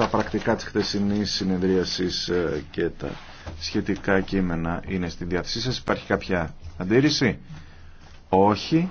τα πρακτικά της χθεσινής συνεδρίασης ε, και τα σχετικά κείμενα είναι στη διάθεσή σας. Υπάρχει κάποια αντίρρηση? Όχι.